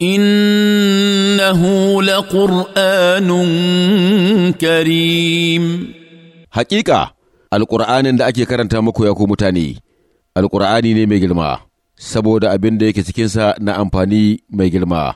hula لقرآن كريم Haƙiƙa Alƙur'ani da ake karanta muku ya ku mutane alƙur'ani ne mai girma saboda abin da yake cikinsa na amfani mai girma